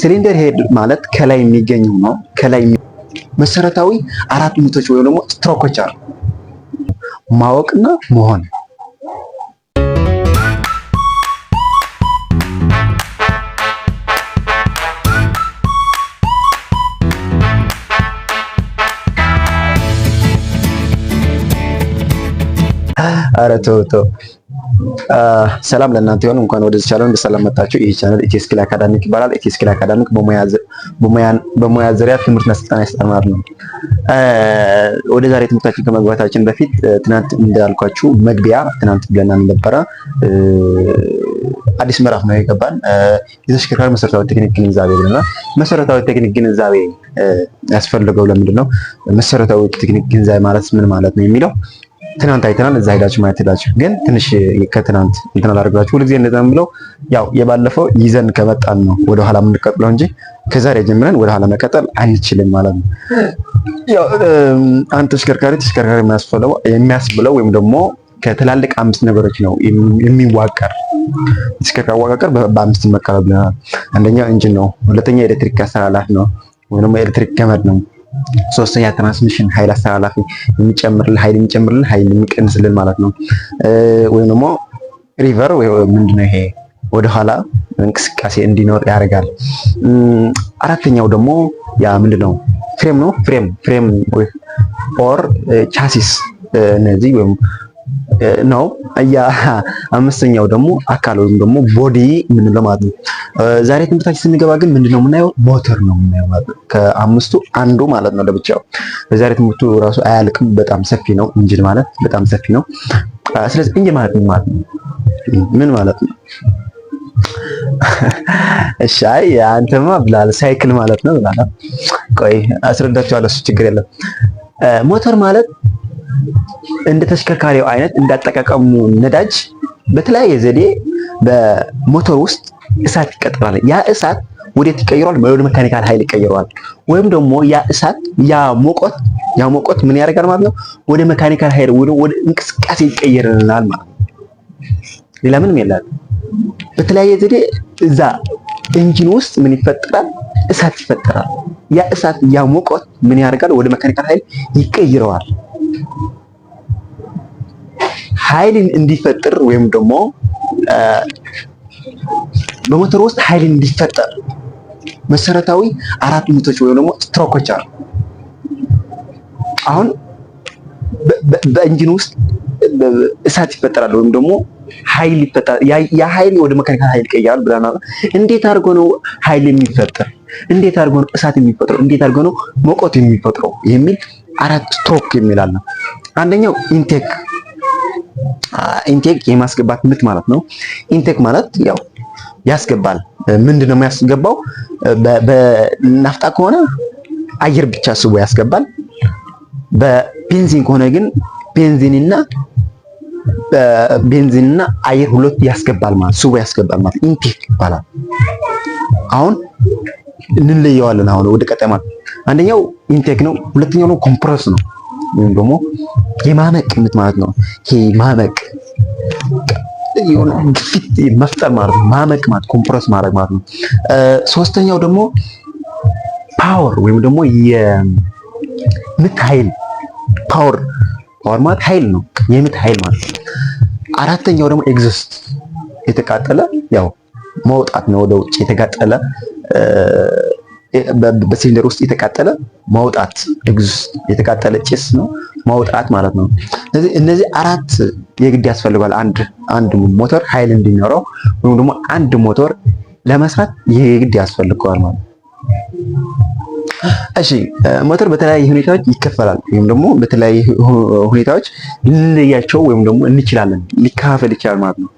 ሲሊንደር ሄድ ማለት ከላይ የሚገኝ ነው። ከላይ መሰረታዊ አራት ምቶች ወይም ደግሞ ስትሮኮች አሉ። ማወቅና መሆን ኧረ ተው ተው ሰላም ለእናንተ ይሁን። እንኳን ወደዚህ ቻናል በሰላም መጣችሁ። ይህ ቻናል ኢቲ ስኪል አካዳሚክ ይባላል። ኢቲ ስኪል አካዳሚክ በሙያ ዙሪያ ትምህርትና ስልጠና ያስተማር ነው። ወደ ዛሬ ትምህርታችን ከመግባታችን በፊት ትናንት እንዳልኳችሁ መግቢያ ትናንት ብለናል ነበረ። አዲስ ምዕራፍ ነው የገባን የተሽከርካሪ መሰረታዊ ቴክኒክ ግንዛቤ ብለናል። መሰረታዊ ቴክኒክ ግንዛቤ ያስፈልገው ለምንድን ነው? መሰረታዊ ቴክኒክ ግንዛቤ ማለት ምን ማለት ነው የሚለው ትናንት አይተናል። እዛ ሄዳችሁ ማየት ሄዳችሁ ግን ትንሽ ከትናንት እንትን አላደርጋችሁ። ሁልጊዜ እንደዛም ብለው ያው የባለፈው ይዘን ከመጣን ነው ወደ ኋላ የምንቀጥለው እንጂ ከዛሬ ጀምረን ወደ ኋላ መቀጠል አንችልም ማለት ነው። ያው አንድ ተሽከርካሪ ተሽከርካሪ የሚያስብለው ወይም ደግሞ ከትላልቅ አምስት ነገሮች ነው የሚዋቀር ተሽከርካሪ አወቃቀር በአምስት ይመከራል ብለናል። አንደኛው ኢንጂን ነው። ሁለተኛ ኤሌክትሪክ አስተላላፊ ነው ወይም ኤሌክትሪክ ገመድ ነው። ሶስተኛ ትራንስሚሽን ኃይል አስተላላፊ የሚጨምርልን ኃይል የሚጨምርልን ኃይል የሚቀንስልን ማለት ነው። ወይም ደግሞ ሪቨር ምንድነው ይሄ ወደኋላ እንቅስቃሴ እንዲኖር ያደርጋል። አራተኛው ደግሞ ያ ምንድነው ፍሬም ነው። ፍሬም ፍሬም ኦር ቻሲስ እነዚህ ወይም ነው። አምስተኛው ደግሞ አካል ወይም ደግሞ ቦዲ ምን ለማለት ነው። ዛሬ ትምህርታችን ስንገባ ግን ነው የምናየው? ሞተር ነው የምናየው ማለት ነው። ከአምስቱ አንዱ ማለት ነው ለብቻው። ዛሬ ትምህርቱ ራሱ አያልቅም፣ በጣም ሰፊ ነው። ኢንጂን ማለት በጣም ሰፊ ነው። ስለዚህ ኢንጂን ማለት ምን ማለት ነው? ምን ማለት ነው? እሺ አይ አንተማ ብላል ሳይክል ማለት ነው ብላል። ቆይ አስረዳቸዋለሁ፣ እሱ ችግር የለም። ሞተር ማለት እንደ ተሽከርካሪው አይነት እንዳጠቃቀሙ ነዳጅ በተለያየ ዘዴ በሞተር ውስጥ እሳት ይቀጥራል። ያ እሳት ወዴት ይቀይረዋል? ወደ መካኒካል ኃይል ይቀይረዋል። ወይም ደግሞ ያ እሳት ያ ሞቆት ያ ሞቆት ምን ያደርጋል ማለት ነው? ወደ መካኒካል ኃይል ወደ እንቅስቃሴ ይቀይርልናል ማለት ነው። ሌላ ምንም የለም። በተለያየ ዘዴ እዛ ኢንጂን ውስጥ ምን ይፈጠራል? እሳት ይፈጠራል። ያ እሳት ያ ሞቆት ምን ያደርጋል? ወደ መካኒካል ኃይል ይቀይረዋል። ኃይልን እንዲፈጥር ወይም ደግሞ በሞተር ውስጥ ኃይልን እንዲፈጠር መሰረታዊ አራት ምቶች ወይም ደግሞ ስትሮኮች አሉ። አሁን በእንጂን ውስጥ እሳት ይፈጠራል ወይም ደግሞ ኃይል ይፈጠራል። ያ ኃይል ወደ መካኒካል ኃይል ይቀየራል ብለናል። እንዴት አድርጎ ነው ኃይል የሚፈጠር? እንዴት አድርጎ ነው እሳት የሚፈጥረው? እንዴት አድርጎ ነው መቆት የሚፈጥረው? የሚል አራት ስትሮክ የሚላል ነው። አንደኛው ኢንቴክ ኢንቴክ የማስገባት ምት ማለት ነው። ኢንቴክ ማለት ያው ያስገባል። ምንድን ነው የሚያስገባው? በናፍጣ ከሆነ አየር ብቻ ስቦ ያስገባል። በቤንዚን ከሆነ ግን ቤንዚንና በቤንዚንና አየር ሁለት ያስገባል ማለት ስቦ ያስገባል ማለት ኢንቴክ ይባላል። አሁን እንለየዋለን። አሁን ወደ ማለት አንደኛው ኢንቴክ ነው፣ ሁለተኛው ነው ኮምፕረስ ነው። ወይም ደግሞ የማመቅ ምት ማለት ነው። ይሄ ማመቅ ግፊት መፍጠር ማለት ነው። ማመቅ ማለት ኮምፕረስ ማድረግ ማለት ነው። ሶስተኛው ደግሞ ፓወር ወይም ደግሞ የምት ኃይል ፓወር ፓወር ማለት ኃይል ነው። የምት ኃይል ማለት ነው። አራተኛው ደግሞ ኤግዚስት የተቃጠለ ያው መውጣት ነው ወደ ውጭ የተጋጠለ በሲሊንደር ውስጥ የተቃጠለ ማውጣት ኤግዝ የተቃጠለ ጭስ ነው ማውጣት ማለት ነው። እነዚህ አራት የግድ ያስፈልጓል። አንድ አንድ ሞተር ኃይል እንዲኖረው ወይም ደግሞ አንድ ሞተር ለመስራት ይህ የግድ ያስፈልገዋል ማለት ነው። እሺ ሞተር በተለያየ ሁኔታዎች ይከፈላል፣ ወይም ደግሞ በተለያየ ሁኔታዎች ልንለያቸው ወይም ደግሞ እንችላለን ሊከፋፈል ይችላል ማለት ነው።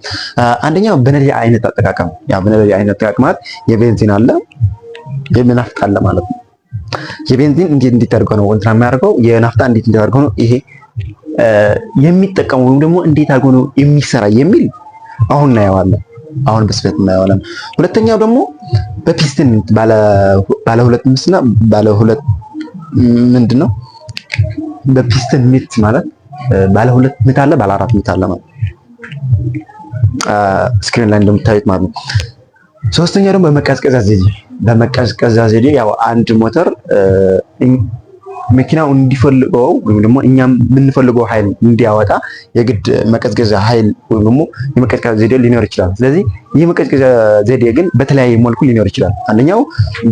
አንደኛው በነዳጅ አይነት አጠቃቀም ያ በነዳጅ አይነት አጠቃቀም የቤንዚን አለ የናፍጣ አለ ማለት ነው። የቤንዚን እንዴት እንዲታደርገው ነው እንትና የሚያደርገው የናፍጣ እንዴት እንዲታደርገው ነው ይሄ የሚጠቀሙ ወይም ደግሞ እንዴት አድርጎ ነው የሚሰራ የሚል አሁን እናየዋለን። አሁን በስፋት እናየዋለን። ሁለተኛው ደግሞ በፒስትን ባለ ባለ ሁለት ምስና ባለ ሁለት ምንድን ነው በፒስትን ምት ማለት ባለ ሁለት ምት አለ፣ ባለ አራት ምት አለ ማለት ስክሪን ላይ እንደምታዩት ማለት ነው። ሶስተኛ ደግሞ በመቀዝቀዣ ዘዴ በመቀዝቀዣ ዘዴ ያው አንድ ሞተር መኪናው እንዲፈልገው ወይም ደግሞ እኛም የምንፈልገው ኃይል እንዲያወጣ የግድ መቀዝቀዣ ኃይል ወይም ደግሞ የመቀዝቀዣ ዘዴ ሊኖር ይችላል። ስለዚህ ይህ መቀዝቀዣ ዘዴ ግን በተለያየ መልኩ ሊኖር ይችላል። አንደኛው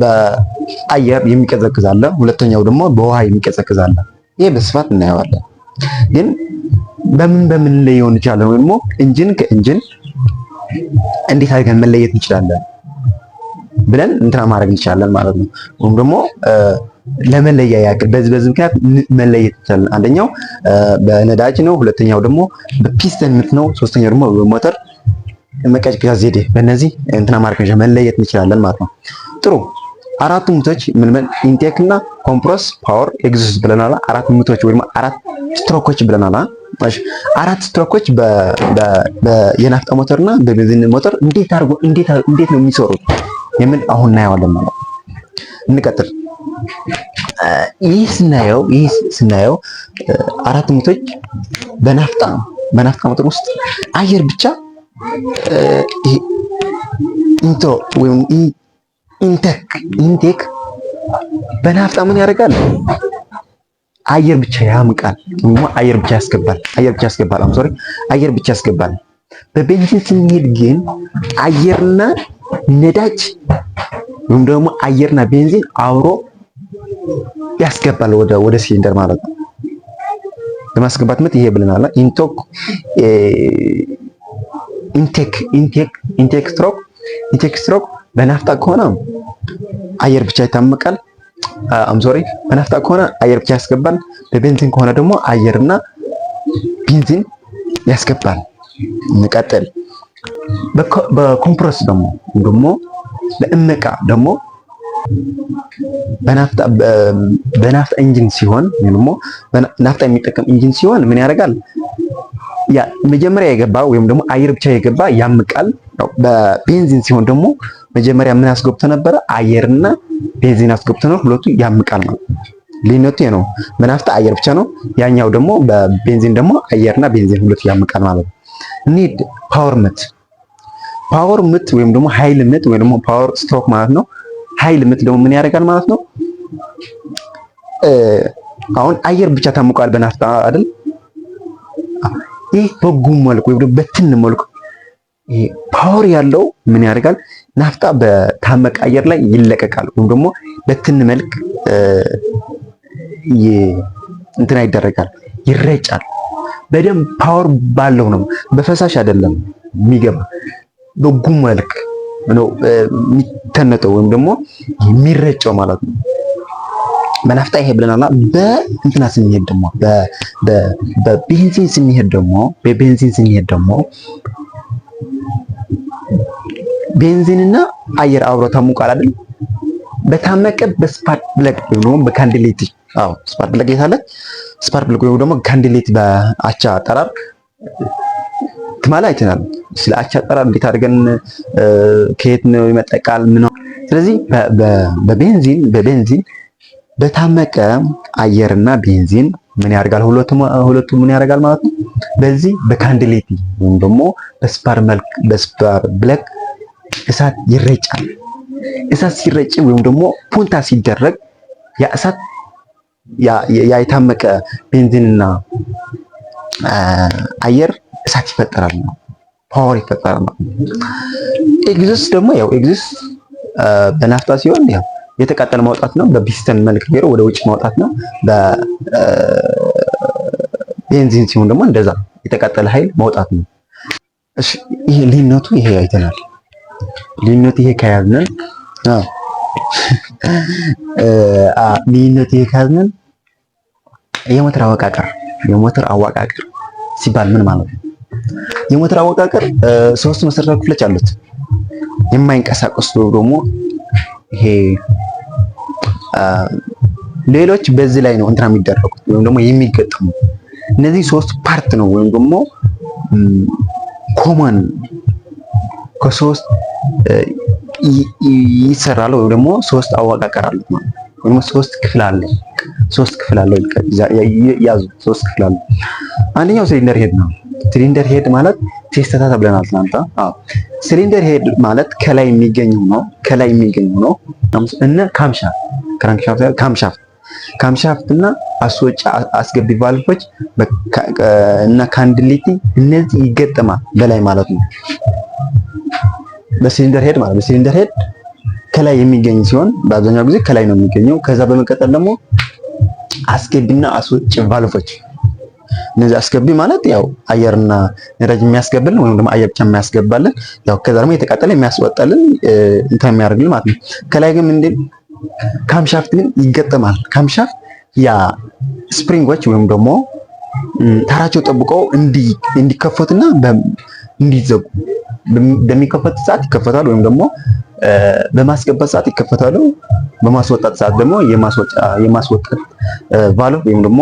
በአየር የሚቀዘቅዝ አለ፣ ሁለተኛው ደግሞ በውሃ የሚቀዘቅዝ አለ። ይሄ በስፋት እናየዋለን። ግን በምን በምን ላይ ይሆን ይችላል ወይም ደግሞ ኢንጂን ከኢንጂን እንዴት አድርገን መለየት እንችላለን ብለን እንትና ማድረግ እንችላለን ማለት ነው። ወይም ደግሞ ለመለያ ያክል በዚህ በዚህ ምክንያት መለየት እንችላለን። አንደኛው በነዳጅ ነው፣ ሁለተኛው ደግሞ በፒስተን ምት ነው፣ ሶስተኛው ደግሞ በሞተር መቀዝቀዣ ዘዴ። በእነዚህ እንትና ማድረግ መለየት እንችላለን ማለት ነው። ጥሩ አራቱ ምቶች ምን ምን ኢንቴክ እና ኮምፕረስ ፓወር ኤግዚስት ብለናል። አራት ምቶች ወይ አራት ስትሮኮች ብለናል። እሺ አራት ስትሮኮች በ በ የናፍጣ ሞተርና በቤንዚን ሞተር እንዴት አድርጎ እንዴት እንዴት ነው የሚሰሩት የምን አሁን እናየዋለን ማለት እንቀጥል። ይህ ስናየው ይህ ስናየው አራት ምቶች በናፍጣ በናፍጣ ሞተር ውስጥ አየር ብቻ እንቶ ወይ ኢንቴክ ኢንቴክ በናፍጣ ምን ያደርጋል? አየር ብቻ ያምቃል፣ አየር ብቻ ያስገባል፣ አየር ብቻ ያስገባል። አም ሶሪ አየር ብቻ ያስገባል። በቤንዚን ስንሄድ ግን አየርና ነዳጅ ወይም ደግሞ አየርና ቤንዚን አብሮ ያስገባል ወደ ወደ ሲሊንደር ማለት ነው። ለማስገባት ምት ይሄ ብለናል። ኢንቶክ ኢንቴክ ኢንቴክ ኢንቴክ ስትሮክ ኢንቴክ ስትሮክ በናፍጣ ከሆነ አየር ብቻ ይታመቃል። ሶሪ በናፍጣ ከሆነ አየር ብቻ ያስገባል። በቤንዚን ከሆነ ደግሞ አየርና ቤንዚን ያስገባል። እንቀጥል። በኮምፕረስ ደግሞ ደግሞ በእመቃ ደግሞ በናፍጣ በናፍጣ ኢንጂን ሲሆን ደግሞ ናፍጣ የሚጠቀም ኢንጂን ሲሆን ምን ያደርጋል? ያ መጀመሪያ የገባ ወይም ደግሞ አየር ብቻ የገባ ያምቃል። ነው። በቤንዚን ሲሆን ደግሞ መጀመሪያ ምን አስገብቶ ነበረ? አየርና ቤንዚን አስገብቶ ነው። ሁለቱ ያምቃል ነው ልዩነቱ ነው። መናፍጣ አየር ብቻ ነው። ያኛው ደግሞ በቤንዚን ደግሞ አየርና ቤንዚን ሁለቱ ያምቃል ማለት ነው። ኒድ ፓወር ምት ፓወር ምት ወይም ደግሞ ኃይል ምት ወይም ደግሞ ፓወር ስትሮክ ማለት ነው። ኃይል ምት ደግሞ ምን ያደርጋል ማለት ነው። አሁን አየር ብቻ ታምቋል በናፍጣ አይደል? ይህ በጉም መልኩ ወይም ደግሞ በትን መልኩ ፓወር ያለው ምን ያደርጋል? ናፍጣ በታመቀ አየር ላይ ይለቀቃል፣ ወይም ደግሞ በትን መልክ እንትና ይደረጋል፣ ይረጫል። በደንብ ፓወር ባለው ነው፣ በፈሳሽ አይደለም የሚገባ በጉም መልክ ነው የሚተነጠው ወይም ደግሞ የሚረጨው ማለት ነው። በናፍጣ ይሄ ብለናልና በእንትና ስንሄድ ደግሞ በቤንዚን ስንሄድ ደግሞ በቤንዚን ስንሄድ ደግሞ ቤንዚንና አየር አብሮ ታሙቃል አይደል? በታመቀ በስፓርክ ብለግ ወይም ደግሞ በካንዲሌት አዎ፣ ስፓርክ ብለግ የታለ ስፓርክ ብለግ ወይም ደግሞ ካንዲሌት በአቻ አጠራር ትማላ አይተናል። ስለ አቻ አጠራር እንዴት አድርገን ከየት ነው ይመጠቃል ምን ስለዚህ በቤንዚን በቤንዚን በታመቀ አየርና ቤንዚን ምን ያደርጋል? ሁለቱ ምን ያደርጋል ማለት ነው። በዚህ በካንዲሌቲ ወይም ደግሞ በስፓር መልክ በስፓር ብለግ እሳት ይረጫል። እሳት ሲረጭ ወይም ደግሞ ፑንታ ሲደረግ ያ እሳት ያ የታመቀ ቤንዚንና አየር እሳት ይፈጠራል ነው ፓወር ይፈጠራል ነው። ኤግዚስት ደግሞ ያው ኤግዚስት በናፍጣ ሲሆን ያው የተቃጠለ ማውጣት ነው። በፒስተን መልክ ቢሮ ወደ ውጭ ማውጣት ነው። በቤንዚን ሲሆን ደግሞ እንደዛ የተቃጠለ ኃይል ማውጣት ነው። እሺ ይሄ ልዩነቱ ይሄ አይተናል። ልዩነት ይሄ ከያዝነን ልዩነት ይሄ ከያዝነን የሞተር አወቃቀር የሞተር አወቃቀር ሲባል ምን ማለት ነው? የሞተር አወቃቀር ሶስት መሰረታዊ ክፍሎች አሉት። የማይንቀሳቀሱ ደግሞ ይሄ ሌሎች በዚህ ላይ ነው እንትና የሚደረጉት ወይም ደግሞ የሚገጠሙ እነዚህ ሶስት ፓርት ነው ወይም ደግሞ ኮመን ከሶስት ይሰራል ወይ ደግሞ ሶስት አወቃቀር አሉት ማለት ወይም ሶስት ክፍል አለ። ሶስት ክፍል አለው ያዙ። ሶስት ክፍል አለው። አንደኛው ሲሊንደር ሄድ ነው። ሲሊንደር ሄድ ማለት ቴስተታ ተብለናል ትናንት። አዎ ሲሊንደር ሄድ ማለት ከላይ የሚገኝ ነው ከላይ ነው ሆኖ እነ ካምሻፍት ክራንክሻፍት ካምሻፍት ካምሻፍት እና አስወጪ አስገቢ ቫልቮች እና ካንድሊቲ እነዚህ ይገጠማል በላይ ማለት ነው። በሲሊንደር ሄድ ማለት በሲሊንደር ሄድ ከላይ የሚገኝ ሲሆን በአብዛኛው ጊዜ ከላይ ነው የሚገኘው። ከዛ በመቀጠል ደግሞ አስገቢና አስወጭ ቫልቮች። እነዚህ አስገቢ ማለት ያው አየርና ነዳጅ የሚያስገብልን ወይም ደግሞ አየር ብቻ የሚያስገባልን፣ ያው ከዛ ደግሞ የተቃጠለ የሚያስወጣልን እንትን የሚያደርግልን ማለት ነው። ከላይ ግን ምንድን ካምሻፍት ግን ይገጠማል። ካምሻፍት ያ ስፕሪንጎች ወይም ደግሞ ተራቸው ጠብቀው እንዲከፈቱና እንዲዘጉ በሚከፈት ሰዓት ይከፈታል፣ ወይም ደግሞ በማስገባት ሰዓት ይከፈታሉ። በማስወጣት ሰዓት ደግሞ የማስወጣት ቫልቭ ወይም ደግሞ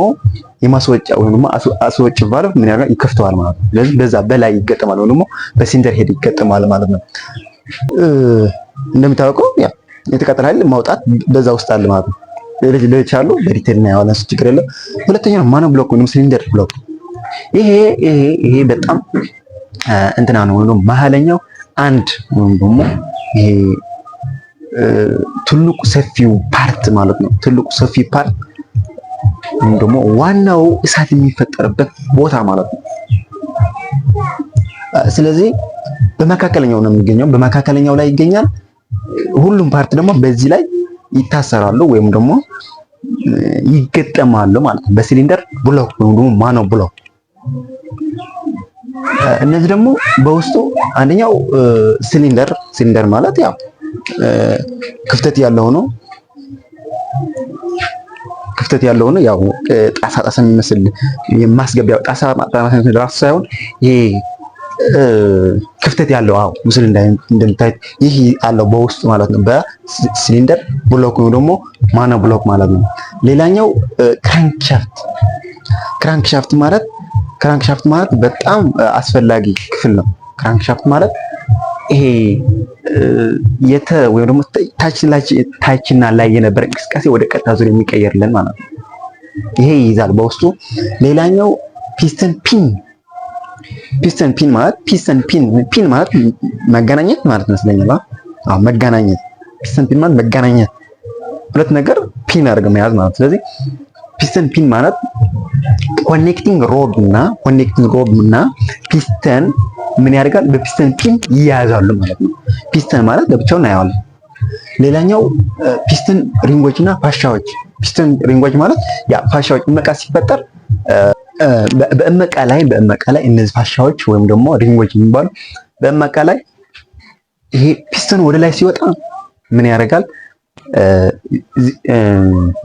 የማስወጫ ወይም ደግሞ አስወጭ ቫልቭ ምን ያደርጋል? ይከፍተዋል ማለት ነው። ስለዚህ በዛ በላይ ይገጠማል ወይም ደግሞ በሲንደር ሄድ ይገጠማል ማለት ነው። እንደሚታወቀው ያ የተቃጠለ ኃይል ማውጣት በዛ ውስጥ አለ ማለት ነው። ሌሎች አሉ፣ በዲቴል ነው ያለው ችግር የለም። ሁለተኛው ማነው ብሎክ ወይም ሲሊንደር ብሎክ ይሄ ይሄ ይሄ በጣም እንትና ነው ወይም መሀለኛው አንድ ወይም ደግሞ ይሄ ትልቁ ሰፊው ፓርት ማለት ነው። ትልቁ ሰፊ ፓርት ወይም ደግሞ ዋናው እሳት የሚፈጠርበት ቦታ ማለት ነው። ስለዚህ በመካከለኛው ነው የሚገኘው፣ በመካከለኛው ላይ ይገኛል። ሁሉም ፓርት ደግሞ በዚህ ላይ ይታሰራሉ ወይም ደግሞ ይገጠማሉ ማለት ነው። በሲሊንደር ብሎክ ወይም ደግሞ ማኖ ብሎክ እነዚህ ደግሞ በውስጡ አንደኛው ሲሊንደር ሲሊንደር ማለት ያው ክፍተት ያለው ሆኖ ክፍተት ያለው ሆኖ ያው ጣሳ ጣሳ የሚመስል የማስገቢያው ጣሳ ራሱ ሳይሆን ይሄ ክፍተት ያለው አዎ፣ ምስል እንደምታይ ይህ አለው በውስጡ ማለት ነው። በሲሊንደር ብሎክ ነው ደግሞ ማነው ብሎክ ማለት ነው። ሌላኛው ክራንክሻፍት ክራንክሻፍት ማለት ክራንክሻፍት ማለት በጣም አስፈላጊ ክፍል ነው። ክራንክሻፍት ማለት ይሄ የተ ወይም ደግሞ ታችና ላይ የነበረ እንቅስቃሴ ወደ ቀጥታ ዙር የሚቀየርልን ማለት ነው። ይሄ ይይዛል በውስጡ። ሌላኛው ፒስተን ፒን ፒስተን ፒን ማለት ፒስተን ፒን ፒን ማለት መገናኘት ማለት መስለኛል። አዎ መገናኘት። ፒስተን ፒን ማለት መገናኘት፣ ሁለት ነገር ፒን አድርገን መያዝ ማለት። ስለዚህ ፒስተን ፒን ማለት ኮኔክቲንግ ሮድ እና ኮኔክቲንግ ሮድ እና ፒስተን ምን ያደርጋል? በፒስተን ፒን ይያያዛሉ ማለት ነው። ፒስተን ማለት ለብቻው እናየዋለን። ሌላኛው ፒስተን ሪንጎች እና ፋሻዎች። ፒስተን ሪንጎች ማለት ያ ፋሻዎች እመቃ ሲፈጠር በእመቃ ላይ በእመቃ ላይ እነዚህ ፋሻዎች ወይም ደግሞ ሪንጎች የሚባሉ በእመቃ ላይ ይሄ ፒስተን ወደ ላይ ሲወጣ ምን ያደርጋል?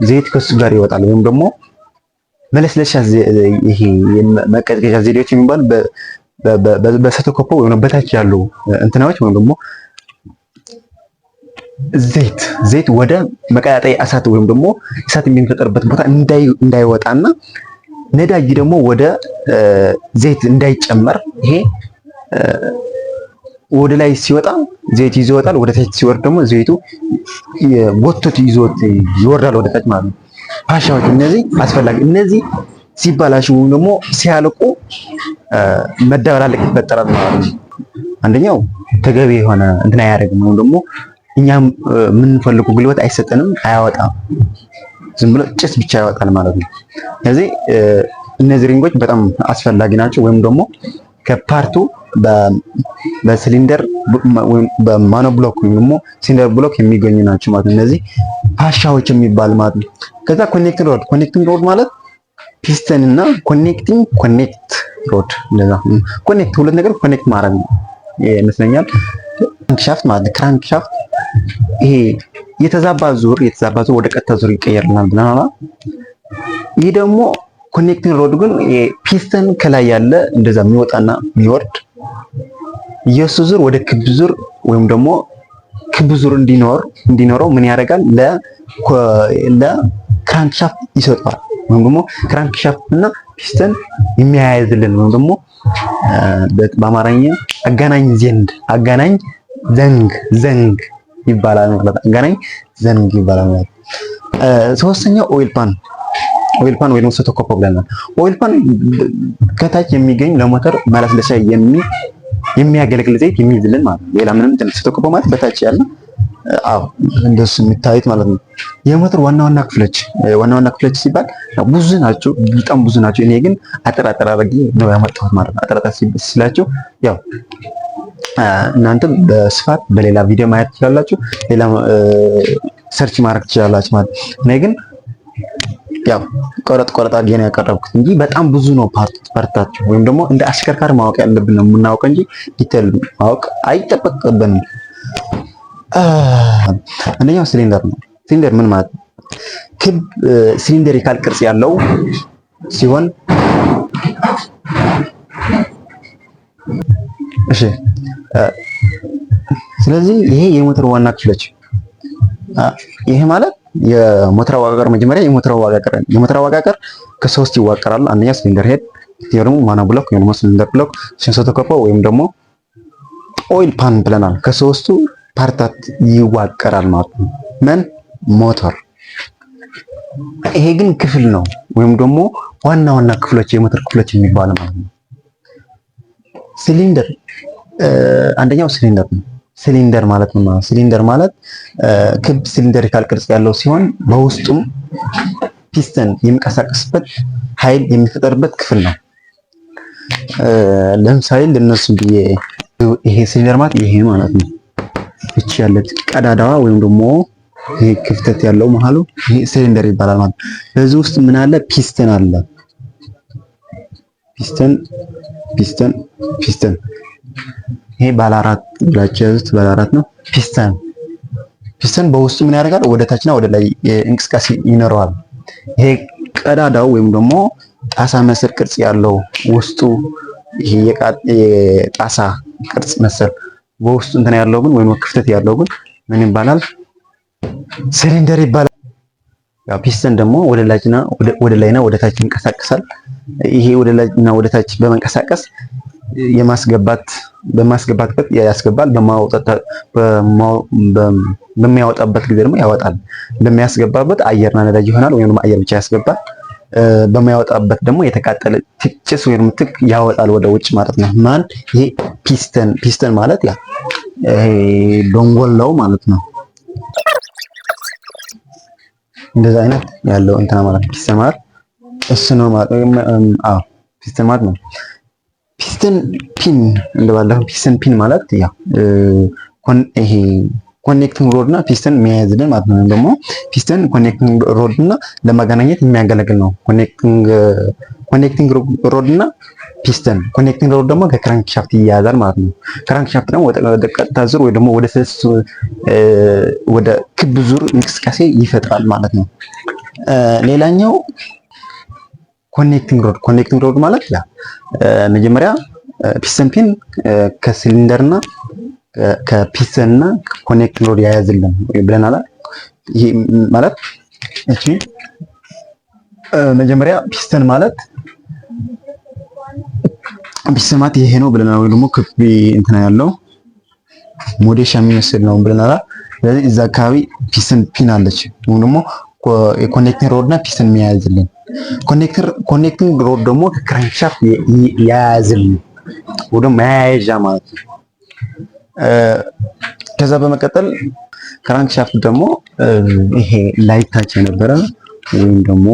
ዘይት ከሱ ጋር ይወጣል ወይም ደግሞ መለስለሻ ይሄ መቀዝቀዣ ዘዴዎች በሰቶ ኮፖ ወይም በታች ያሉ እንትናዎች ወይም ደግሞ ዘይት ዘይት ወደ መቀጣጠያ እሳት ወይም ደግሞ እሳት የሚፈጠርበት ቦታ እንዳይወጣና ነዳጅ ደግሞ ወደ ዘይት እንዳይጨመር ይሄ ወደ ላይ ሲወጣ ዘይት ይዞ ይወጣል። ወደ ታች ሲወርድ ደግሞ ዘይቱ ወቶት ይዞት ይወርዳል ወደ ታች ማለት ነው። ሀሻዎች እነዚህ አስፈላጊ እነዚህ ሲበላሹ ወይም ደግሞ ሲያልቁ መደበላለቅ ይፈጠራል ማለት ነው። አንደኛው ተገቢ የሆነ እንትን አያደርግም ወይም ደግሞ እኛም የምንፈልጉ ጉልበት አይሰጠንም፣ አያወጣም። ዝም ብሎ ጭስ ብቻ ያወጣል ማለት ነው። ስለዚህ እነዚህ ሪንጎች በጣም አስፈላጊ ናቸው ወይም ደግሞ ከፓርቱ በሲሊንደር በማኖ ብሎክ ወይም ደግሞ ሲሊንደር ብሎክ የሚገኙ ናቸው ማለት ነው። እነዚህ ፓሻዎች የሚባል ማለት ነው። ከዛ ኮኔክቲንግ ሮድ ኮኔክቲንግ ሮድ ማለት ፒስተን እና ኮኔክቲንግ ኮኔክት ሮድ እንደዛ ኮኔክት ሁለት ነገር ኮኔክት ማድረግ ነው ይመስለኛል። ክራንክሻፍት ማለት ክራንክሻፍት ይሄ የተዛባ ዙር የተዛባ ዙር ወደ ቀጥታ ዙር ይቀየርልናል ብለናል። ይህ ደግሞ ኮኔክቲንግ ሮድ ግን ፒስተን ከላይ ያለ እንደዛ የሚወጣና የሚወርድ የእሱ ዙር ወደ ክብ ዙር ወይም ደግሞ ክብ ዙር እንዲኖር እንዲኖረው ምን ያደርጋል? ለክራንክሻፍት ይሰጠዋል። ወይም ደግሞ ክራንክሻፍት እና ፒስተን የሚያያዝልን ወይም ደግሞ በአማርኛ አጋናኝ ዘንድ አጋናኝ ዘንግ ዘንግ ይባላል ማለት አጋናኝ ዘንግ ይባላል ማለት ሶስተኛው ኦይል ፓን ኦይል ፓን ወይም ስቶኮ ብለናል። ኦይል ፓን ከታች የሚገኝ ለሞተር ማለስለሻ የሚያገለግል ዘይት የሚይዝልን ማለት ነው። ሌላ ምንም እንትን ስቶኮ ማለት በታች ያለ አዎ፣ እንደሱ የሚታዩት ማለት ነው። የሞተር ዋና ዋና ክፍሎች ዋና ዋና ክፍሎች ሲባል ብዙ ናቸው፣ በጣም ብዙ ናቸው። እኔ ግን አጠራጠር አድርጌ ነው ያመጣሁት ማለት ነው። አጠራጠር ስላቸው ያው እናንተም በስፋት በሌላ ቪዲዮ ማየት ትችላላችሁ፣ ሌላ ሰርች ማድረግ ትችላላችሁ ማለት ነው። እኔ ግን ያው ቆረጥ ቆረጥ አድርጌ ነው ያቀረብኩት እንጂ በጣም ብዙ ነው ፓርታቸው። ወይም ደግሞ እንደ አሽከርካሪ ማወቅ ያለብን ነው የምናውቀው እንጂ ዲቴል ማወቅ አይጠበቅብንም። አንደኛው ሲሊንደር ነው። ሲሊንደር ምን ማለት ነው? ክብ ሲሊንደሪካል ቅርጽ ያለው ሲሆን እሺ፣ ስለዚህ ይሄ የሞተር ዋና ክፍሎች ይሄ ማለት የሞተር አወቃቀር መጀመሪያ የሞተር አወቃቀር የሞተር አወቃቀር ከሶስት ይዋቀራል። አንደኛ ሲሊንደር ሄድ፣ ሁለተኛው ደግሞ ማና ብሎክ ወይም ደግሞ ሲሊንደር ብሎክ፣ ሶስተኛው ተኮርፖ ወይም ደግሞ ኦይል ፓን ብለናል። ከሶስቱ ፓርታት ይዋቀራል ማለት ነው። ምን ሞተር ይሄ ግን ክፍል ነው ወይም ደግሞ ዋና ዋና ክፍሎች የሞተር ክፍሎች የሚባል ማለት ነው። ሲሊንደር አንደኛው ሲሊንደር ነው። ሲሊንደር ማለት ነው። ሲሊንደር ማለት ክብ ሲሊንደሪካል ቅርጽ ያለው ሲሆን በውስጡም ፒስተን የሚንቀሳቀስበት ኃይል የሚፈጠርበት ክፍል ነው። ለምሳሌ ለነሱ ብዬ ይሄ ሲሊንደር ማለት ይሄ ማለት ነው። እቺ ያለች ቀዳዳዋ ወይም ደግሞ ይሄ ክፍተት ያለው መሀሉ ይሄ ሲሊንደር ይባላል ማለት ነው። በዚህ ውስጥ ምን አለ? ፒስተን አለ። ፒስተን ፒስተን ፒስተን ይሄ ባለ አራት ብላችሁ ያዙት። ባለ አራት ነው። ፒስተን ፒስተን በውስጡ ምን ያደርጋል? ወደ ታችና ወደ ላይ እንቅስቃሴ ይኖረዋል። ይሄ ቀዳዳው ወይም ደግሞ ጣሳ መሰል ቅርጽ ያለው ውስጡ ይሄ የጣሳ ቅርጽ መሰል በውስጡ እንትን ያለው ግን ወይም ክፍተት ያለው ግን ምን ይባላል? ሲሊንደር ይባላል። ያው ፒስተን ደግሞ ወደ ላይና ወደ ታች ይንቀሳቀሳል። ይሄ ወደ ላይና ወደ ታች በመንቀሳቀስ የማስገባት በማስገባት ቀጥ ያስገባል፣ በሚያወጣበት ጊዜ ደግሞ ያወጣል። በሚያስገባበት አየርና ነዳጅ ይሆናል ወይም አየር ብቻ ያስገባል። በማያወጣበት ደግሞ የተቃጠለ ጭስ ወይም ትክ ያወጣል ወደ ውጭ ማለት ነው። ማን ይሄ ፒስተን ፒስተን ማለት ያ ይሄ ዶንጎላው ማለት ነው። እንደዛ አይነት ያለው እንትና ማለት ፒስተን ማለት እሱ ነው ማለት ነው። አዎ ፒስተን ማለት ነው። ፒስትን ፒን እንደባለፈው ፒስትን ፒን ማለት ያ ይሄ ኮኔክቲንግ ሮድ እና ፒስተን የሚያያዝልን ማለት ነው። ደግሞ ፒስተን ኮኔክቲንግ ሮድ እና ለማገናኘት የሚያገለግል ነው። ኮኔክቲንግ ሮድ እና ፒስተን ኮኔክቲንግ ሮድ ደግሞ ከክራንክ ሻፍት ይያያዛል ማለት ነው። ክራንክ ሻፍት ደግሞ ወደ ቀጥታ ዙር ወይ ደግሞ ወደ ስስ ወደ ክብ ዙር እንቅስቃሴ ይፈጥራል ማለት ነው። ሌላኛው ኮኔክቲንግ ሮድ ኮኔክቲንግ ሮድ ማለት ያ መጀመሪያ ፒስተን ፒን ከሲሊንደርና ከፒስተንና ኮኔክት ሮድ ያያዝልን ብለናል። ይሄ ማለት እቺ መጀመሪያ ፒስተን ማለት ፒስተን ማለት ይሄ ነው ብለናል። ወይ ደግሞ ክፍቢ እንትና ያለው ሞዴሻ የሚመስል ነው ብለናል። ስለዚህ እዛ አካባቢ ፒስተን ፒን አለች ወይ ደግሞ ኮኔክቲንግ ሮድ እና ፒስተን የሚያያዝልን ኮኔክቲንግ ሮድ ደግሞ ክራንክሻፍት ያያዝልን ወደ መያያዣ ማለት ነው። ከዛ በመቀጠል ክራንክሻፍት ደግሞ ይሄ ላይት ታች የነበረ ወይም ደግሞ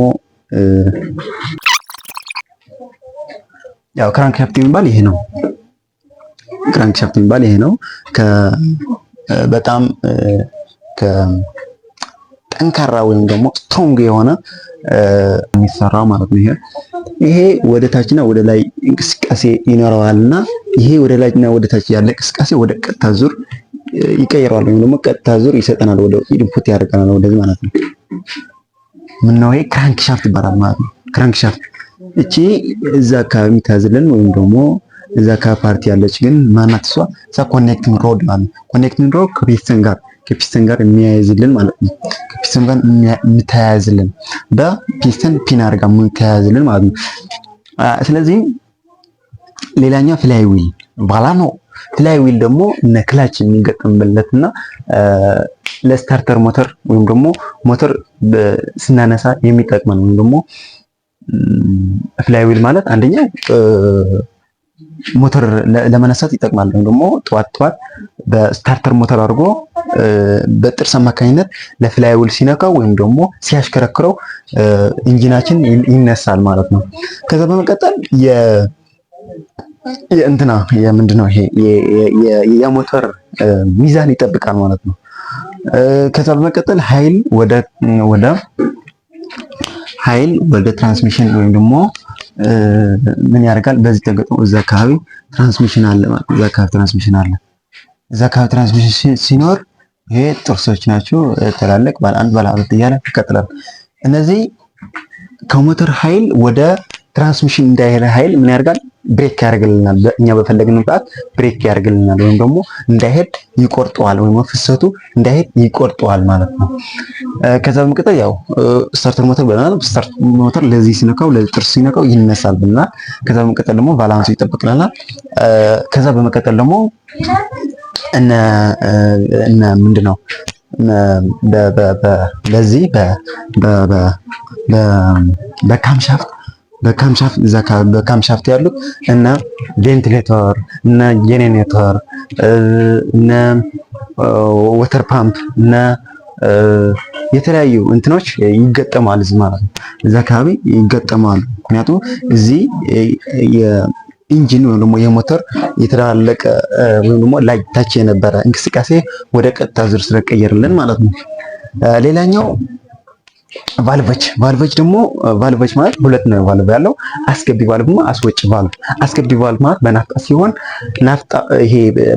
ያው ክራንክሻፍት ሻፍት የሚባል ይሄ ነው። ክራንክሻፍት ሻፍት የሚባል ይሄ ነው። በጣም ጠንካራ ወይም ደግሞ ስትሮንግ የሆነ የሚሰራው ማለት ነው። ይሄ ይሄ ወደ ታችና ወደ ላይ እንቅስቃሴ ይኖረዋልና ይሄ ወደ ላይና ወደ ታች ያለ እንቅስቃሴ ወደ ቀጥታ ዙር ይቀይረዋል ወይም ደግሞ ቀጥታ ዙር ይሰጠናል፣ ወደ ኢንፑት ያደርገናል ወደዚህ ማለት ነው። ምነው ይሄ ክራንክ ሻፍት ይባላል ማለት ነው። ክራንክ ሻፍት እቺ እዛ አካባቢ ታዝልን ወይም ደግሞ እዛ አካባቢ ፓርቲ ያለች ግን ማናት? እሷ እዛ ኮኔክቲንግ ሮድ ማለት ነው። ኮኔክቲንግ ሮድ ከፒስተን ጋር ከፒስተን ጋር የሚያያዝልን ማለት ነው። ከፒስተን ጋር የምታያያዝልን በፒስተን ፒናር ጋር የምታያያዝልን ማለት ነው። ስለዚህ ሌላኛው ፍላይ ዊል ባላ ነው። ፍላይ ዊል ደግሞ ነክላች ክላች ለስታርተር ሞተር ወይም ደግሞ ሞተር ስናነሳ የሚጠቅመን ወይም ደግሞ ፍላይ ዊል ማለት አንደኛው ሞተር ለመነሳት ይጠቅማል። ወይም ደግሞ ጠዋት ጠዋት በስታርተር ሞተር አድርጎ በጥርስ አማካኝነት ለፍላይውል ሲነካው ወይም ደግሞ ሲያሽከረክረው እንጂናችን ይነሳል ማለት ነው። ከዛ በመቀጠል የእንትና የምንድን ነው ይሄ የሞተር ሚዛን ይጠብቃል ማለት ነው። ከዛ በመቀጠል ኃይል ወደ ኃይል ወደ ትራንስሚሽን ወይም ደግሞ ምን ያደርጋል? በዚህ ተገጥሞ እዛ አካባቢ ትራንስሚሽን አለ ማለት ነው። እዛ አካባቢ ትራንስሚሽን አለ። እዛ አካባቢ ትራንስሚሽን ሲኖር ይሄ ጥርሶች ናቸው ትላልቅ ባለ አንድ ባለ ሁለት እያለ ይቀጥላል። እነዚህ ከሞተር ኃይል ወደ ትራንስሚሽን እንዳይሄድ ኃይል ምን ያደርጋል? ብሬክ ያደርግልናል። እኛ በፈለግን ሰዓት ብሬክ ያደርግልናል፣ ወይም ደግሞ እንዳይሄድ ይቆርጠዋል፣ ወይም ፍሰቱ እንዳይሄድ ይቆርጠዋል ማለት ነው። ከዛ በመቀጠል ያው ስታርተር ሞተር ብለናል። ስታርተር ሞተር ለዚህ ሲነካው፣ ለጥርስ ሲነካው ይነሳል ብለናል። ከዛ በመቀጠል ደግሞ ባላንሱ ይጠበቅልናል። ከዛ በመቀጠል ደግሞ እነ እነ ምንድን ነው በዚህ በካምሻፍት በካምሻፍት ያሉት እና ቬንትሌተር እና ጄኔሬተር እና ወተር ፓምፕ እና የተለያዩ እንትኖች ይገጠማሉ። እዚህ ማለት ነው። እዛ አካባቢ ይገጠማሉ። ምክንያቱም እዚህ የኢንጂን ወይም ደግሞ የሞተር የተደላለቀ ወይም ደግሞ ላይ ታች የነበረ እንቅስቃሴ ወደ ቀጥታ ዝር ስለቀየርልን ማለት ነው። ሌላኛው ቫልቮች ቫልቮች ደግሞ ቫልቮች ማለት ሁለት ነው። ቫልቭ ያለው አስገቢ ቫልቭ እና አስወጭ ቫልቭ። አስገቢ ቫልቭ ማለት በናፍጣ ሲሆን ናፍጣ ይሄ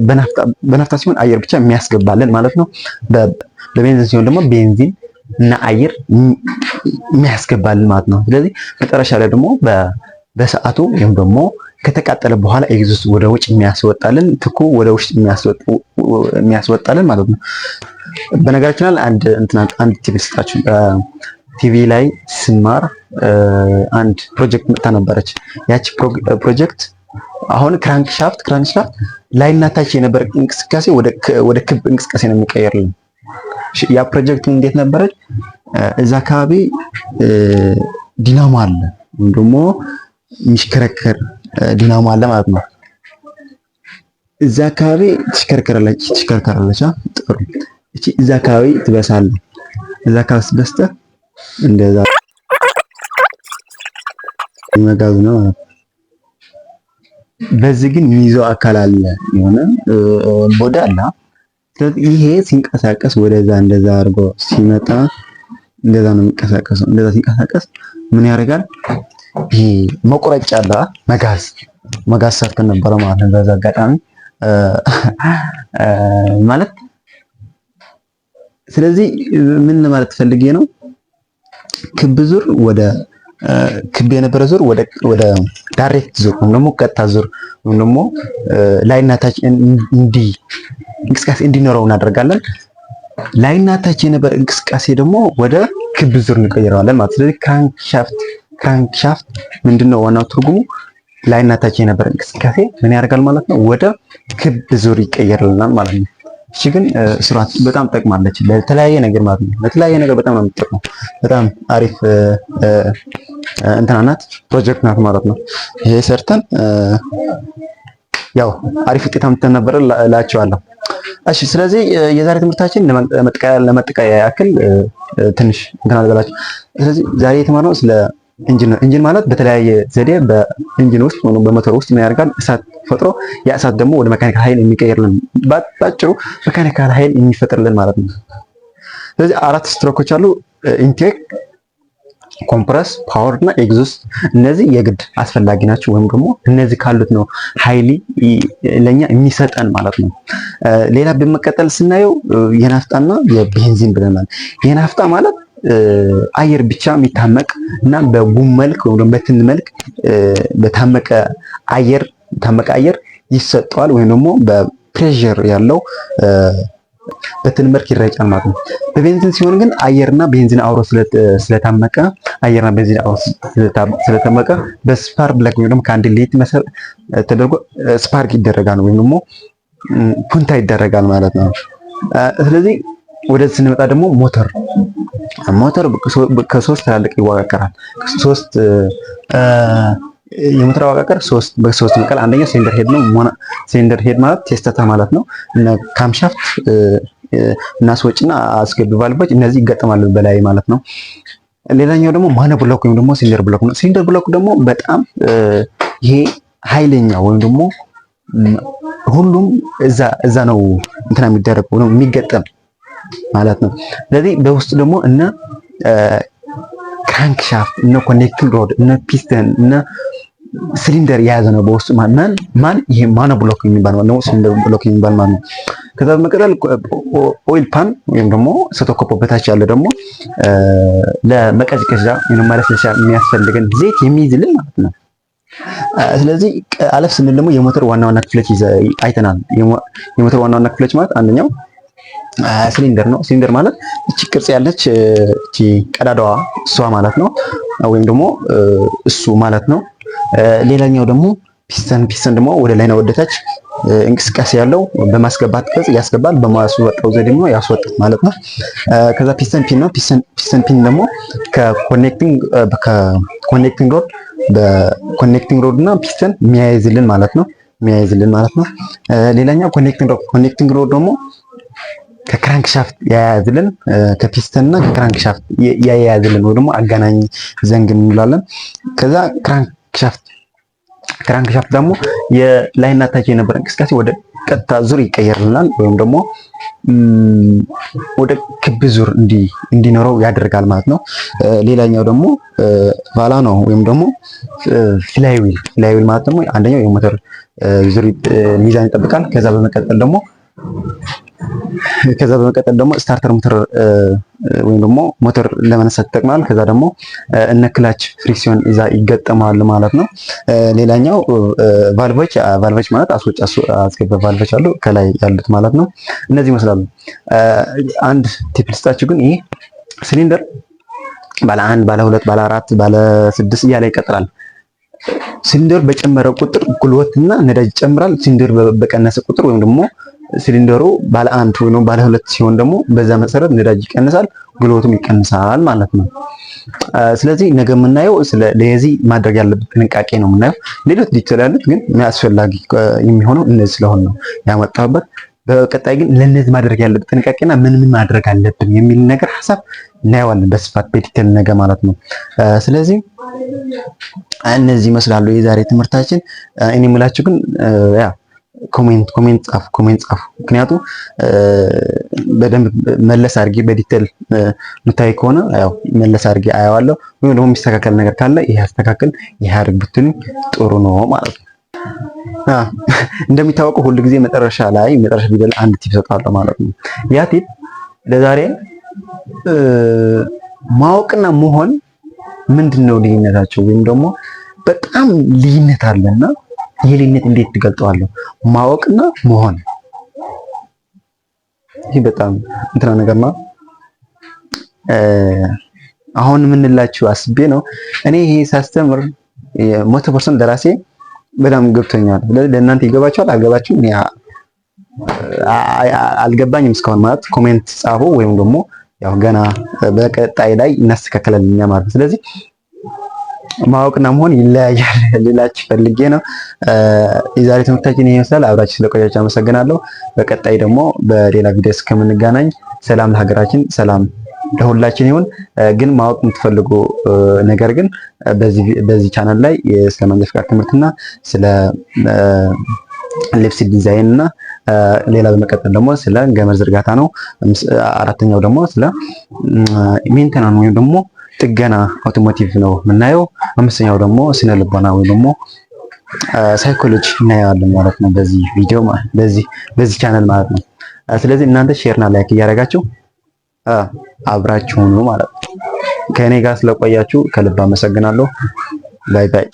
በናፍጣ በናፍጣ ሲሆን አየር ብቻ የሚያስገባልን ማለት ነው። በቤንዚን ሲሆን ደግሞ ቤንዚን እና አየር የሚያስገባልን ማለት ነው። ስለዚህ መጨረሻ ላይ ደግሞ በሰዓቱ ወይም ደግሞ ከተቃጠለ በኋላ ኤግዚስት ወደ ውጭ የሚያስወጣልን ትኩ ወደ ውስጥ የሚያስወጣልን ማለት ነው። በነገራችን ላይ አንድ እንትና አንድ ቲቪ ልስጣችሁ። ቲቪ ላይ ስማር አንድ ፕሮጀክት መጥታ ነበረች። ያቺ ፕሮጀክት አሁን ክራንክ ሻፍት ክራንክ ሻፍት እና ታች የነበረ እንቅስቃሴ ወደ ክብ እንቅስቃሴ ነው የሚቀየርልን። ያ ፕሮጀክት እንዴት ነበረች? እዛ አካባቢ ዲናሞ አለ ወይም ደግሞ የሚሽከረከር ዲናሞ አለ ማለት ነው። እዛ አካባቢ ትሽከርከራለች ትሽከርከራለች ጥሩ እቺ እዛ አካባቢ ትበሳለ እዛ አካባቢ ስትበስተህ እንደዛ መጋዝ ነው። በዚህ ግን የሚይዘው አካል አለ፣ የሆነ ቦዳ አለ። ስለዚህ ይሄ ሲንቀሳቀስ ወደዛ እንደዛ አድርጎ ሲመጣ እንደዛ ነው የሚንቀሳቀሰው። እንደዛ ሲንቀሳቀስ ምን ያደርጋል? ይሄ መቁረጫ አለ፣ መጋዝ መጋዝ ሰርተን ነበረ ማለት ነው። በዛ አጋጣሚ ማለት ስለዚህ ምን ለማለት ፈልጌ ነው? ክብ ዙር ወደ ክብ የነበረ ዙር ወደ ዳይሬክት ዙር ወይም ደግሞ ቀጥታ ዙር ወይም ደግሞ ላይና ታች እንዲ እንቅስቃሴ እንዲኖረው እናደርጋለን። ላይና ታች የነበረ እንቅስቃሴ ደግሞ ወደ ክብ ዙር እንቀይረዋለን ማለት። ስለዚህ ክራንክሻፍት ሻፍት ምንድነው ዋናው ትርጉሙ? ላይና ታች የነበረ እንቅስቃሴ ምን ያደርጋል ማለት ነው? ወደ ክብ ዙር ይቀየርልናል ማለት ነው። እሺ ግን ስራ በጣም ጠቅማለች ለተለያየ ነገር ማለት ነው። ለተለያየ ነገር በጣም ነው የምትጠቅመው። በጣም አሪፍ እንትና ናት፣ ፕሮጀክት ናት ማለት ነው። ይሄ ሰርተን ያው አሪፍ ውጤት አምጥተን ነበረ እላቸዋለሁ። እሺ ስለዚህ የዛሬ ትምህርታችን ለመጥቀያ ያክል ትንሽ እንትና ልበላችሁ። ስለዚህ ዛሬ የተማርነው ስለ ኢንጂን ኢንጂን ማለት በተለያየ ዘዴ በኢንጂን ውስጥ ወይም በሞተር ውስጥ ምን ያደርጋል? እሳት ፈጥሮ ያ እሳት ደግሞ ወደ መካኒካል ኃይል የሚቀየርልን፣ ባጭሩ መካኒካል ኃይል የሚፈጥርልን ማለት ነው። ስለዚህ አራት ስትሮኮች አሉ፣ ኢንቴክ፣ ኮምፕረስ፣ ፓወር እና ኤግዞስት። እነዚህ የግድ አስፈላጊ ናቸው፣ ወይም ደግሞ እነዚህ ካሉት ነው ኃይሊ ለኛ የሚሰጠን ማለት ነው። ሌላ በመቀጠል ስናየው የናፍጣና የቤንዚን ብለናል። የናፍጣ ማለት አየር ብቻ የሚታመቅ እና በጉም መልክ ወይም በትን መልክ በታመቀ አየር ታመቀ አየር ይሰጠዋል ወይም ደግሞ በፕሬሸር ያለው በትን መልክ ይረጫል ማለት ነው። በቤንዚን ሲሆን ግን አየርና ቤንዚን አብሮ ስለታመቀ አየርና ቤንዚን አብሮ ስለታመቀ በስፓርክ ብለክ ወይም ደግሞ ከአንድ ሌት መሰል ተደርጎ ስፓርክ ይደረጋል ወይም ደግሞ ፑንታ ይደረጋል ማለት ነው። ስለዚህ ወደዚህ ስንመጣ ደግሞ ሞተር ሞተር ከሶስት ትላልቅ ይዋቀራል። ሶስት የሞተር አወቃቀር ሶስት በሶስት መቀል አንደኛ ሴንደር ሄድ ነው። ሴንደር ሄድ ማለት ቴስተታ ማለት ነው። ካምሻፍት እና እናስወጭና አስገቢ ቫልቮች እነዚህ ይገጠማሉ በላይ ማለት ነው። ሌላኛው ደግሞ ማነ ብሎክ ወይም ደግሞ ሲንደር ብሎክ ነው። ሲንደር ብሎክ ደግሞ በጣም ይሄ ኃይለኛ ወይም ደግሞ ሁሉም እዛ እዛ ነው እንትና የሚደረገው ነው የሚገጠም ማለት ነው። ስለዚህ በውስጡ ደግሞ እነ ክራንክሻፍት እነ ኮኔክቲንግ ሮድ እነ ፒስተን እነ ሲሊንደር የያዘ ነው በውስጡ ማን ማን ይሄ ማኖ ብሎክ የሚባል ማለት ነው። ሲሊንደር ብሎክ የሚባል ማለት ነው። ከዛ በመቀጠል ኦይል ፓን ወይም ደግሞ ሰቶኮፖ በታች ያለው ደግሞ ለመቀዝቀዣ ወይም ማለስለሻ የሚያስፈልገን ዘይት የሚይዝልን ማለት ነው። ስለዚህ አለፍ ስንል ደግሞ የሞተር ዋና ዋና ክፍሎች አይተናል። የሞተር ዋና ዋና ክፍሎች ማለት አንደኛው ሲሊንደር ነው። ሲሊንደር ማለት እቺ ቅርጽ ያለች እቺ ቀዳዳዋ እሷ ማለት ነው፣ ወይም ደግሞ እሱ ማለት ነው። ሌላኛው ደግሞ ፒስተን። ፒስተን ደግሞ ወደ ላይና ወደታች እንቅስቃሴ ያለው በማስገባት ቅርጽ ያስገባል፣ በማስወጣው ዘዴ ደግሞ ያስወጣል ማለት ነው። ከዛ ፒስተን ፒን ነው። ፒስተን ፒን ደግሞ ከኮኔክቲንግ ከኮኔክቲንግ ሮድ በኮኔክቲንግ ሮድ እና ፒስተን የሚያይዝልን ማለት ነው የሚያይዝልን ማለት ነው። ሌላኛው ኮኔክቲንግ ሮድ ኮኔክቲንግ ሮድ ደግሞ ከክራንክሻፍት ያያያዝልን ከፒስተን እና ከክራንክሻፍት ያያያዝልን ወይ ደግሞ አገናኝ ዘንግ እንላለን። ከዛ ክራንክሻፍት ክራንክሻፍት ደግሞ የላይና ታች የነበረ እንቅስቃሴ ወደ ቀጥታ ዙር ይቀየርልናል ወይም ደግሞ ወደ ክብ ዙር እንዲኖረው ያደርጋል ማለት ነው። ሌላኛው ደግሞ ቫላ ነው ወይም ደግሞ ፍላይዊል። ፍላይዊል ማለት ደግሞ አንደኛው የሞተር ዙር ሚዛን ይጠብቃል። ከዛ በመቀጠል ደግሞ ከዛ በመቀጠል ደግሞ ስታርተር ሞተር ወይም ደግሞ ሞተር ለመነሳት ይጠቅማል። ከዛ ደግሞ እነ ክላች ፍሪክሲዮን እዛ ይገጠማሉ ማለት ነው። ሌላኛው ቫልቮች ቫልቮች ማለት አስወጭ አስገባ ቫልቮች አሉ ከላይ ያሉት ማለት ነው። እነዚህ ይመስላሉ። አንድ ቲፕ ልስጣችሁ ግን ይህ ሲሊንደር ባለ አንድ ባለ ሁለት ባለ አራት ባለ ስድስት እያለ ይቀጥላል። ሲሊንደር በጨመረ ቁጥር ጉልበትና ነዳጅ ይጨምራል። ሲሊንደር በቀነሰ ቁጥር ወይም ደግሞ ሲሊንደሩ ባለ አንድ ወይ ባለ ሁለት ሲሆን ደግሞ በዛ መሰረት ነዳጅ ይቀንሳል፣ ግሎትም ይቀንሳል ማለት ነው። ስለዚህ ነገ የምናየው ስለ ለዚህ ማድረግ ያለበት ጥንቃቄ ነው የምናየው። ሌሎች ዲቴል ያሉት ግን አስፈላጊ የሚሆነው እነዚህ ስለሆነ ነው ያመጣሁበት። በቀጣይ ግን ለነዚህ ማድረግ ያለበት ጥንቃቄና ምን ምን ማድረግ አለብን የሚል ነገር ሀሳብ እናየዋለን በስፋት በዲቴል ነገ ማለት ነው። ስለዚህ እነዚህ ይመስላሉ የዛሬ ትምህርታችን። እኔ የምላችሁ ግን ያ ኮሜንት ኮሜንት ጻፉ ኮሜንት ጻፍ። ምክንያቱ በደንብ መለስ አድርጌ በዲቴል ምታይ ከሆነ ያው መለስ አድርጌ አየዋለሁ። ወይም ደግሞ የሚስተካከል ነገር ካለ ይሄ አስተካክል፣ ይሄ አድርግ ብትሉ ጥሩ ነው ማለት ነው። እንደሚታወቀው ሁሉ ጊዜ መጨረሻ ላይ መጨረሻ ቪዲዮ ላይ አንድ ቲፕ ሰጣለሁ ማለት ነው። ያ ቲፕ ለዛሬ ማወቅና መሆን ምንድን ነው ልዩነታቸው? ወይም ደግሞ በጣም ልዩነት አለና የሌነት እንዴት ትገልጠዋለሁ? ማወቅና መሆን ይህ በጣም እንትና ነገርና አሁን የምንላችሁ አስቤ ነው። እኔ ይሄ ሳስተምር መቶ ፐርሰንት ለራሴ በጣም ገብቶኛል። ለእናንተ ይገባችኋል አልገባችሁም? እኔ አልገባኝም እስካሁን ማለት ኮሜንት ጻፉ፣ ወይም ደግሞ ያው ገና በቀጣይ ላይ እናስተካከላለን እኛ ማለት ስለዚህ ማወቅና መሆን ይለያያል ልላችሁ ፈልጌ ነው። የዛሬ ትምህርታችን ይህ ይመስላል። አብራችሁ ስለቆያችሁ አመሰግናለሁ። በቀጣይ ደግሞ በሌላ ቪዲዮ እስከምንገናኝ ሰላም ለሀገራችን፣ ሰላም ለሁላችን ይሁን። ግን ማወቅ የምትፈልጉ ነገር ግን በዚህ ቻናል ላይ ስለ መንጃ ፈቃድ ትምህርትና ስለ ልብስ ዲዛይን እና ሌላ በመቀጠል ደግሞ ስለ ገመድ ዝርጋታ ነው። አራተኛው ደግሞ ስለ ሜንተናን ወይም ደግሞ ጥገና አውቶሞቲቭ ነው የምናየው። አምስተኛው ደግሞ ስነ ልቦና ወይ ደግሞ ሳይኮሎጂ እናየዋለን ማለት ነው በዚህ ቪዲዮ በዚህ በዚህ ቻናል ማለት ነው። ስለዚህ እናንተ ሼርና ላይክ እያደረጋችሁ አብራችሁኑ ማለት ነው። ከእኔ ጋር ስለቆያችሁ ከልብ አመሰግናለሁ። ባይ ባይ።